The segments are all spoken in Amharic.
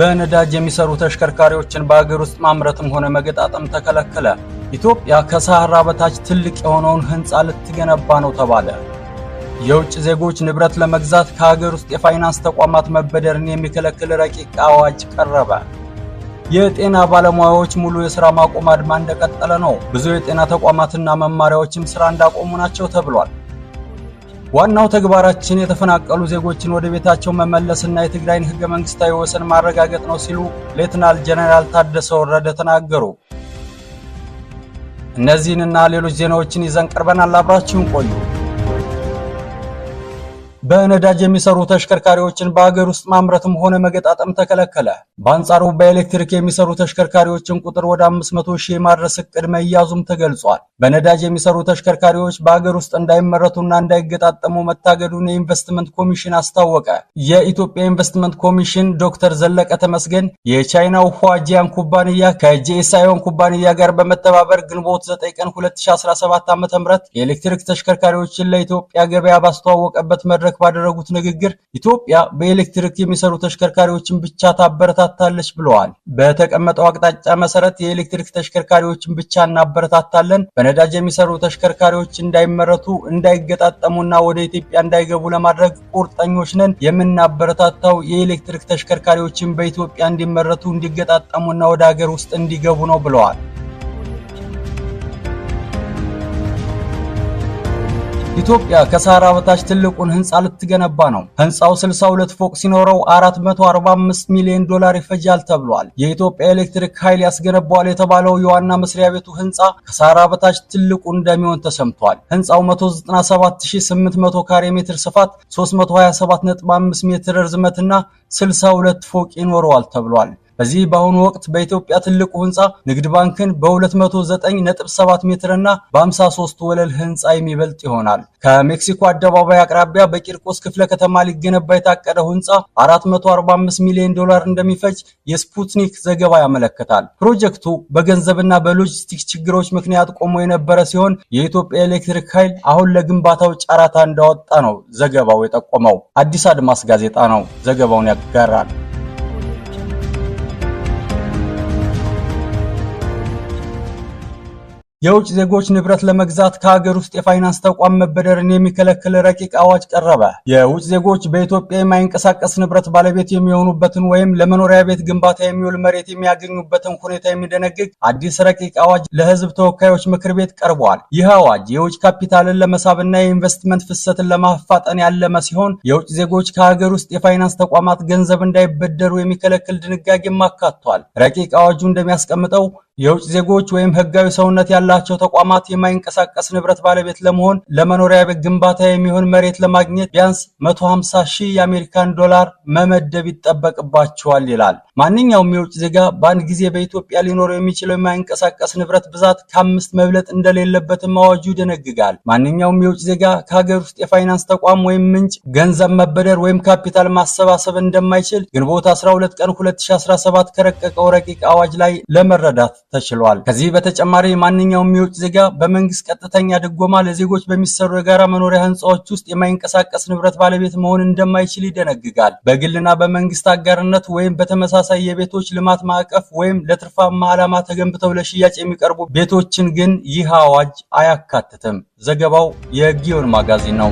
በነዳጅ የሚሰሩ ተሽከርካሪዎችን በአገር ውስጥ ማምረትም ሆነ መገጣጠም ተከለከለ። ኢትዮጵያ ከሰሃራ በታች ትልቅ የሆነውን ህንፃ ልትገነባ ነው ተባለ። የውጭ ዜጎች ንብረት ለመግዛት ከሀገር ውስጥ የፋይናንስ ተቋማት መበደርን የሚከለክል ረቂቅ አዋጅ ቀረበ። የጤና ባለሙያዎች ሙሉ የሥራ ማቆም አድማ እንደቀጠለ ነው። ብዙ የጤና ተቋማትና መማሪያዎችም ሥራ እንዳቆሙ ናቸው ተብሏል። ዋናው ተግባራችን የተፈናቀሉ ዜጎችን ወደ ቤታቸው መመለስና የትግራይን ህገ መንግስታዊ ወሰን ማረጋገጥ ነው ሲሉ ሌትናል ጀነራል ታደሰ ወረደ ተናገሩ። እነዚህንና ሌሎች ዜናዎችን ይዘን ቀርበናል። አብራችሁን ቆዩ። በነዳጅ የሚሰሩ ተሽከርካሪዎችን በሀገር ውስጥ ማምረትም ሆነ መገጣጠም ተከለከለ። በአንጻሩ በኤሌክትሪክ የሚሰሩ ተሽከርካሪዎችን ቁጥር ወደ 500 ሺህ የማድረስ እቅድ መያዙም ተገልጿል። በነዳጅ የሚሰሩ ተሽከርካሪዎች በሀገር ውስጥ እንዳይመረቱና እንዳይገጣጠሙ መታገዱን የኢንቨስትመንት ኮሚሽን አስታወቀ። የኢትዮጵያ ኢንቨስትመንት ኮሚሽን ዶክተር ዘለቀ ተመስገን የቻይናው ሁዋጂያን ኩባንያ ከጄሳዮን ኩባንያ ጋር በመተባበር ግንቦት 9 ቀን 2017 ዓ.ም የኤሌክትሪክ ተሽከርካሪዎችን ለኢትዮጵያ ገበያ ባስተዋወቀበት መድረክ መድረክ ባደረጉት ንግግር ኢትዮጵያ በኤሌክትሪክ የሚሰሩ ተሽከርካሪዎችን ብቻ ታበረታታለች ብለዋል። በተቀመጠው አቅጣጫ መሰረት የኤሌክትሪክ ተሽከርካሪዎችን ብቻ እናበረታታለን፣ በነዳጅ የሚሰሩ ተሽከርካሪዎች እንዳይመረቱ፣ እንዳይገጣጠሙና ወደ ኢትዮጵያ እንዳይገቡ ለማድረግ ቁርጠኞች ነን። የምናበረታታው የኤሌክትሪክ ተሽከርካሪዎችን በኢትዮጵያ እንዲመረቱ፣ እንዲገጣጠሙና ወደ ሀገር ውስጥ እንዲገቡ ነው ብለዋል። ኢትዮጵያ ከሳራ በታች ትልቁን ህንፃ ልትገነባ ነው። ህንፃው 62 ፎቅ ሲኖረው 445 ሚሊዮን ዶላር ይፈጃል ተብሏል። የኢትዮጵያ ኤሌክትሪክ ኃይል ያስገነባዋል የተባለው የዋና መስሪያ ቤቱ ህንፃ ከሳራ በታች ትልቁ እንደሚሆን ተሰምቷል። ህንፃው 197800 ካሬ ሜትር ስፋት፣ 327.5 ሜትር ርዝመትና 62 ፎቅ ይኖረዋል ተብሏል። በዚህ በአሁኑ ወቅት በኢትዮጵያ ትልቁ ህንፃ ንግድ ባንክን በ209.7 ሜትርና በ53 ወለል ህንፃ የሚበልጥ ይሆናል። ከሜክሲኮ አደባባይ አቅራቢያ በቂርቆስ ክፍለ ከተማ ሊገነባ የታቀደው ህንፃ 445 ሚሊዮን ዶላር እንደሚፈጅ የስፑትኒክ ዘገባ ያመለክታል። ፕሮጀክቱ በገንዘብና በሎጂስቲክስ ችግሮች ምክንያት ቆሞ የነበረ ሲሆን የኢትዮጵያ ኤሌክትሪክ ኃይል አሁን ለግንባታው ጨረታ እንዳወጣ ነው ዘገባው የጠቆመው። አዲስ አድማስ ጋዜጣ ነው ዘገባውን ያጋራል። የውጭ ዜጎች ንብረት ለመግዛት ከሀገር ውስጥ የፋይናንስ ተቋም መበደርን የሚከለክል ረቂቅ አዋጅ ቀረበ። የውጭ ዜጎች በኢትዮጵያ የማይንቀሳቀስ ንብረት ባለቤት የሚሆኑበትን ወይም ለመኖሪያ ቤት ግንባታ የሚውል መሬት የሚያገኙበትን ሁኔታ የሚደነግግ አዲስ ረቂቅ አዋጅ ለሕዝብ ተወካዮች ምክር ቤት ቀርቧል። ይህ አዋጅ የውጭ ካፒታልን ለመሳብና የኢንቨስትመንት ፍሰትን ለማፋጠን ያለመ ሲሆን የውጭ ዜጎች ከሀገር ውስጥ የፋይናንስ ተቋማት ገንዘብ እንዳይበደሩ የሚከለክል ድንጋጌም አካቷል። ረቂቅ አዋጁ እንደሚያስቀምጠው የውጭ ዜጎች ወይም ህጋዊ ሰውነት ያላቸው ተቋማት የማይንቀሳቀስ ንብረት ባለቤት ለመሆን ለመኖሪያ ቤት ግንባታ የሚሆን መሬት ለማግኘት ቢያንስ 150 ሺህ የአሜሪካን ዶላር መመደብ ይጠበቅባቸዋል ይላል። ማንኛውም የውጭ ዜጋ በአንድ ጊዜ በኢትዮጵያ ሊኖረው የሚችለው የማይንቀሳቀስ ንብረት ብዛት ከአምስት መብለጥ እንደሌለበትም አዋጁ ይደነግጋል። ማንኛውም የውጭ ዜጋ ከሀገር ውስጥ የፋይናንስ ተቋም ወይም ምንጭ ገንዘብ መበደር ወይም ካፒታል ማሰባሰብ እንደማይችል ግንቦት 12 ቀን 2017 ከረቀቀው ረቂቅ አዋጅ ላይ ለመረዳት ተችሏል። ከዚህ በተጨማሪ ማንኛውም የውጭ ዜጋ በመንግስት ቀጥተኛ ድጎማ ለዜጎች በሚሰሩ የጋራ መኖሪያ ህንፃዎች ውስጥ የማይንቀሳቀስ ንብረት ባለቤት መሆን እንደማይችል ይደነግጋል። በግልና በመንግስት አጋርነት ወይም በተመሳሳይ የቤቶች ልማት ማዕቀፍ ወይም ለትርፋማ ዓላማ ተገንብተው ለሽያጭ የሚቀርቡ ቤቶችን ግን ይህ አዋጅ አያካትትም። ዘገባው የጊዮን ማጋዚን ነው።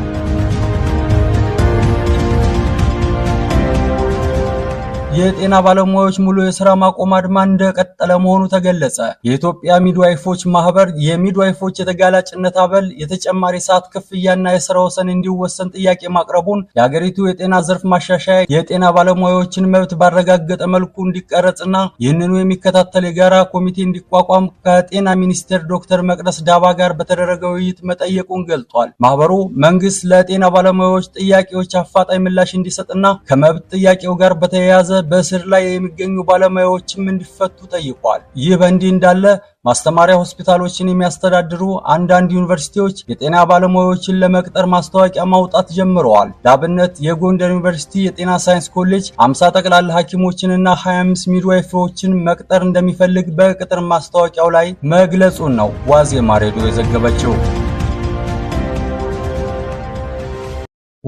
የጤና ባለሙያዎች ሙሉ የስራ ማቆም አድማ እንደቀጠለ መሆኑ ተገለጸ። የኢትዮጵያ ሚድዋይፎች ማህበር የሚድዋይፎች የተጋላጭነት አበል የተጨማሪ ሰዓት ክፍያና የስራ ወሰን እንዲወሰን ጥያቄ ማቅረቡን የአገሪቱ የጤና ዘርፍ ማሻሻያ የጤና ባለሙያዎችን መብት ባረጋገጠ መልኩ እንዲቀረጽና ይህንኑ የሚከታተል የጋራ ኮሚቴ እንዲቋቋም ከጤና ሚኒስቴር ዶክተር መቅደስ ዳባ ጋር በተደረገ ውይይት መጠየቁን ገልጧል። ማህበሩ መንግስት ለጤና ባለሙያዎች ጥያቄዎች አፋጣኝ ምላሽ እንዲሰጥና ከመብት ጥያቄው ጋር በተያያዘ በእስር ላይ የሚገኙ ባለሙያዎችም እንዲፈቱ ጠይቋል። ይህ በእንዲህ እንዳለ ማስተማሪያ ሆስፒታሎችን የሚያስተዳድሩ አንዳንድ ዩኒቨርሲቲዎች የጤና ባለሙያዎችን ለመቅጠር ማስታወቂያ ማውጣት ጀምረዋል። ለአብነት የጎንደር ዩኒቨርሲቲ የጤና ሳይንስ ኮሌጅ 50 ጠቅላላ ሐኪሞችንና 25 ሚድዋይፍሮችን መቅጠር እንደሚፈልግ በቅጥር ማስታወቂያው ላይ መግለጹን ነው ዋዜማ ሬዲዮ የዘገበችው።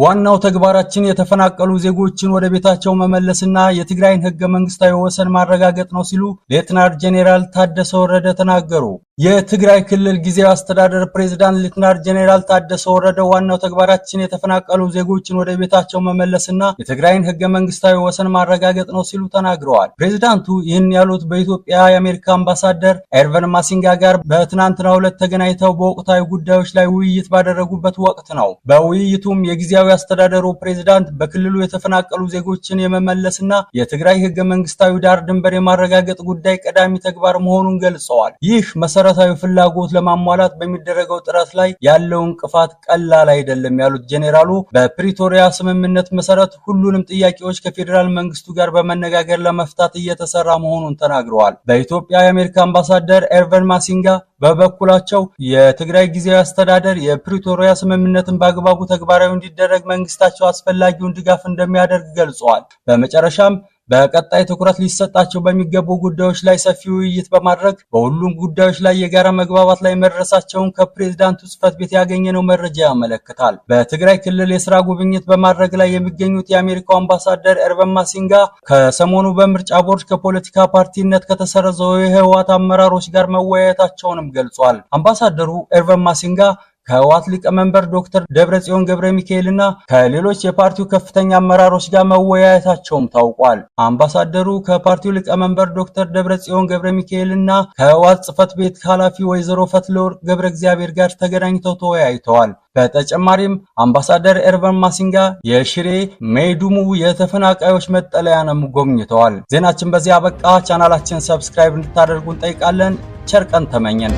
ዋናው ተግባራችን የተፈናቀሉ ዜጎችን ወደ ቤታቸው መመለስና የትግራይን ህገ መንግስታዊ ወሰን ማረጋገጥ ነው ሲሉ ሌትናር ጄኔራል ታደሰ ወረደ ተናገሩ። የትግራይ ክልል ጊዜያዊ አስተዳደር ፕሬዝዳንት ሌተናል ጄኔራል ታደሰ ወረደ ዋናው ተግባራችን የተፈናቀሉ ዜጎችን ወደ ቤታቸው መመለስና የትግራይን ህገ መንግስታዊ ወሰን ማረጋገጥ ነው ሲሉ ተናግረዋል። ፕሬዝዳንቱ ይህን ያሉት በኢትዮጵያ የአሜሪካ አምባሳደር ኤርቨን ማሲንጋ ጋር በትናንትናው ዕለት ተገናኝተው በወቅታዊ ጉዳዮች ላይ ውይይት ባደረጉበት ወቅት ነው። በውይይቱም የጊዜያዊ አስተዳደሩ ፕሬዝዳንት በክልሉ የተፈናቀሉ ዜጎችን የመመለስና የትግራይ ህገ መንግስታዊ ዳር ድንበር የማረጋገጥ ጉዳይ ቀዳሚ ተግባር መሆኑን ገልጸዋል። ይህ መሰረ መሰረታዊ ፍላጎት ለማሟላት በሚደረገው ጥረት ላይ ያለው እንቅፋት ቀላል አይደለም ያሉት ጄኔራሉ በፕሪቶሪያ ስምምነት መሰረት ሁሉንም ጥያቄዎች ከፌዴራል መንግስቱ ጋር በመነጋገር ለመፍታት እየተሰራ መሆኑን ተናግረዋል። በኢትዮጵያ የአሜሪካ አምባሳደር ኤርቨን ማሲንጋ በበኩላቸው የትግራይ ጊዜያዊ አስተዳደር የፕሪቶሪያ ስምምነትን በአግባቡ ተግባራዊ እንዲደረግ መንግስታቸው አስፈላጊውን ድጋፍ እንደሚያደርግ ገልጸዋል። በመጨረሻም በቀጣይ ትኩረት ሊሰጣቸው በሚገቡ ጉዳዮች ላይ ሰፊ ውይይት በማድረግ በሁሉም ጉዳዮች ላይ የጋራ መግባባት ላይ መድረሳቸውን ከፕሬዝዳንቱ ጽህፈት ቤት ያገኘነው መረጃ ያመለክታል። በትግራይ ክልል የስራ ጉብኝት በማድረግ ላይ የሚገኙት የአሜሪካው አምባሳደር ኤርቨን ማሲንጋ ከሰሞኑ በምርጫ ቦርድ ከፖለቲካ ፓርቲነት ከተሰረዘው የህወሓት አመራሮች ጋር መወያየታቸውንም ገልጿል። አምባሳደሩ ኤርቨን ማሲንጋ ከህወሓት ሊቀመንበር ዶክተር ደብረጽዮን ገብረ ሚካኤል እና ከሌሎች የፓርቲው ከፍተኛ አመራሮች ጋር መወያየታቸውም ታውቋል። አምባሳደሩ ከፓርቲው ሊቀመንበር ዶክተር ደብረጽዮን ገብረ ሚካኤል እና ከህወሓት ጽህፈት ቤት ኃላፊ ወይዘሮ ፈትለወርቅ ገብረ እግዚአብሔር ጋር ተገናኝተው ተወያይተዋል። በተጨማሪም አምባሳደር ኤርቨን ማሲንጋ የሽሬ ሜዱሙ የተፈናቃዮች መጠለያንም ጎብኝተዋል። ዜናችን በዚህ አበቃ። ቻናላችን ሰብስክራይብ እንድታደርጉ እንጠይቃለን። ቸርቀን ተመኘን።